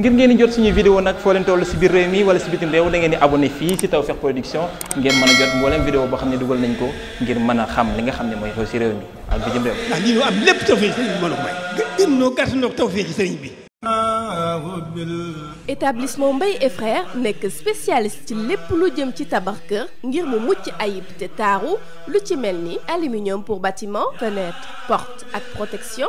ngir ngeen jot suñu vidéo nag foo leen toll si biir réew mi wala si bitim réew da ngeen di abonné fii si Tawfekh Production ngeen mën a jot mboolem vidéo boo xam ne dugal nañ ko ngir mën a xam li nga xam ne mooy xew si réew mi ak bitim réew. ndax lii ñu am lépp bi mën a may. gën noo gàtt noo Tawfekh établissement Mbaye et nekk spécialiste ci lépp lu jëm ci tabax kër ngir mu mucc ayib te taaru lu ci mel ni aluminium pour bâtiment fenêtre porte ak protection.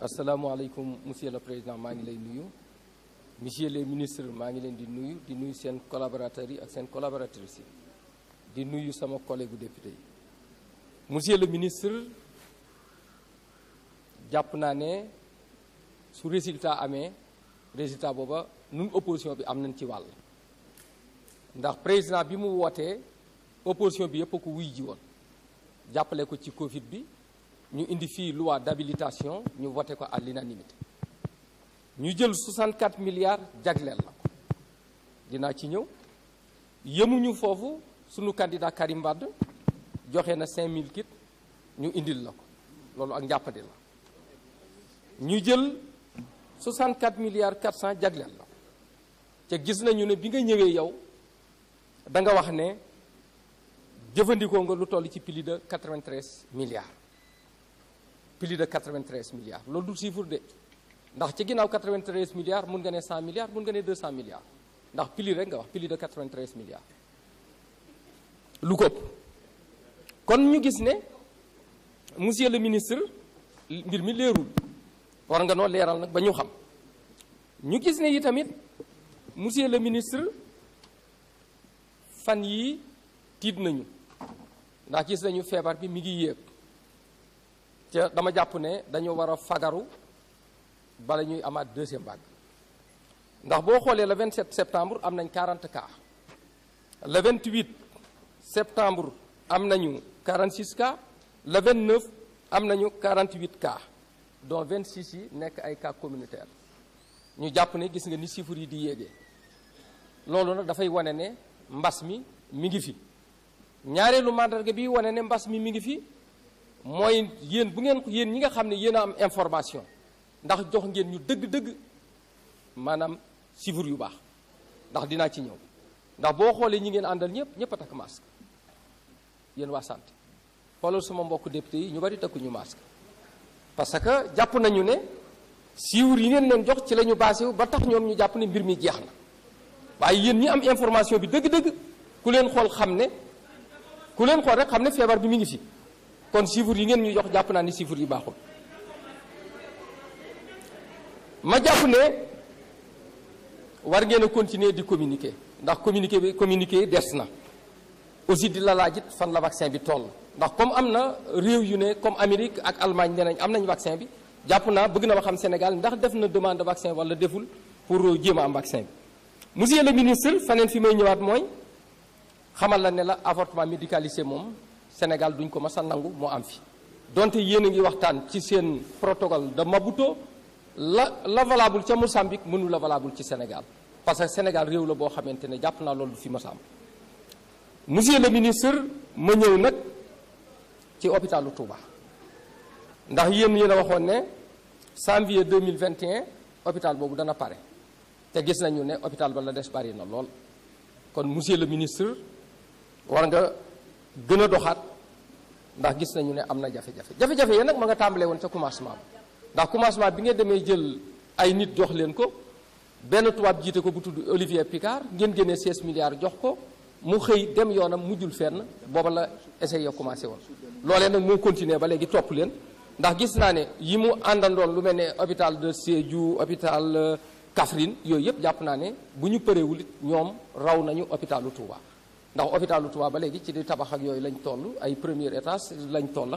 asalaamaaleykum monsieur le président maa ngi lay nuyu monsieur les ministre maa ngi leen di nuyu di nuyu seen collaborateurs yi ak seen collaboratrices di nuyu sama collègue député yi monsieur le ministre jàpp naa ne su résultat amee résultat booba nun opposition bi am nañ ci wàll ndax président bi mu wootee opposition bi yëpp ko wuy ji woon jàppale ko ci Covid bi ñu indi fii loi d'habilitation ñu voté ko à l'unanimité ñu jël 64 milliards jagleel la ko dinaa ci ñëw yemuñu foofu sunu candidat Karim joxe na 5000 kits ñu indil la ko loolu ak njàppadi la ñu jël 64 milliards 400 jagleel la te gis nañu ne bi nga ñëwee yow da nga wax ne jëfandikoo nga lu toll ci plus de 93 milliards. plus de 93 milliards loolu du chiffre de ndax ci ginnaaw 93 milliards mun nga ne 100 milliards mun nga ne milliards ndax plus rek nga wax plus de 93 milliards lu ko kon ñu gis ne monsieur le ministre mbir mi leerul war nga noo leeral nag ba ñu xam ñu gis ne yi tamit monsieur le ministre fan yi tiit nañu ndax gis nañu feebar bi mi ngi yéeg ca dama jàpp ne dañu war a fagaru bala ñuy amaat deuxième vague ndax boo xoolee le 27 septembre am nañ 40 cas le 28 septembre am nañu 46 cas le 29 am nañu 48 cas dont 26 yi nekk ay cas communautaire ñu jàpp ne gis nga ni chiffres yi di yéegee loolu nag dafay wane ne mbas mi mi ngi fi ñaareelu màndarga bi wane ne mbas mi mi ngi fi mooy yéen bu ngeen yéen ñi nga xam ne yéen a am information ndax jox ngeen ñu dëgg-dëgg maanaam sifur yu baax ndax dinaa ci ñëw ndax boo xoolee ñi ngeen àndal ñëpp ñëpp a takk masque yéen waa santé xoolal sama mbokk député yi ñu bari takkuñu masque parce que jàpp nañu ne siwur yi ngeen leen jox ci la ñu basé ba tax ñoom ñu jàpp ne mbir mi jeex na waaye yéen ñi am information bi dëgg-dëgg ku leen xool xam ne ku leen xool rek xam ne feebar bi mu ngi si kon chiffres yi ngeen ñu jox jàpp naa ni chiffres yi baaxul ma jàpp ne war ngeen a continuer di communiquer ndax communiquer bi communiquer des na aussi di la laajit fan la vaccin bi toll ndax comme am na réew yu ne comme Amérique ak Allemagne nee nañ am nañ vaccin bi jàpp naa bëgg na ma xam Sénégal ndax def na demande de vaccin wala deful pour jéem am vaccin bi monsieur le ministre faneen fi may ñëwaat mooy xamal la ne la avortement médicalisé moom Sénégal duñ ko mas a nangu mu am fi donte yéen a ngi waxtaan ci seen protocole de Maputo la la valable ca Mozambique mënu la ci Sénégal parce que Sénégal réew la boo xamante ne jàpp naa loolu du fi mas a am monsieur le ministre ma ñëw nag ci hôpitalu Touba ndax yéen yéen a waxoon ne janvier 2021 hôpital boobu dana pare te gis nañu ne hôpital ba la des bari na lool kon monsieur le ministre war nga gën a doxaat ndax gis nañu ne am na jafe-jafe jafe-jafe yéen nag ma nga tàmbalee woon ca commencement ndax commencement bi nga demee jël ay nit jox leen ko benn tuwaab jiite ko bu tudd Olivier Picard ngeen génnee 16 milliards jox ko mu xëy dem yoonam mu mujjul fenn booba la essayé yo commencé woon loolee nag moo continuer ba léegi topp leen ndax gis naa ne yi mu àndandoon lu mel ne hôpital de Sédhiou hôpital euh, Kaffrine yooyu yëpp jàpp naa ne bu ñu përeewul it ñoom raw nañu hôpitalu Touba ndax hôpitalu Touba ba léegi ci di tabax ak yooyu lañ toll ay premier étage lañ toll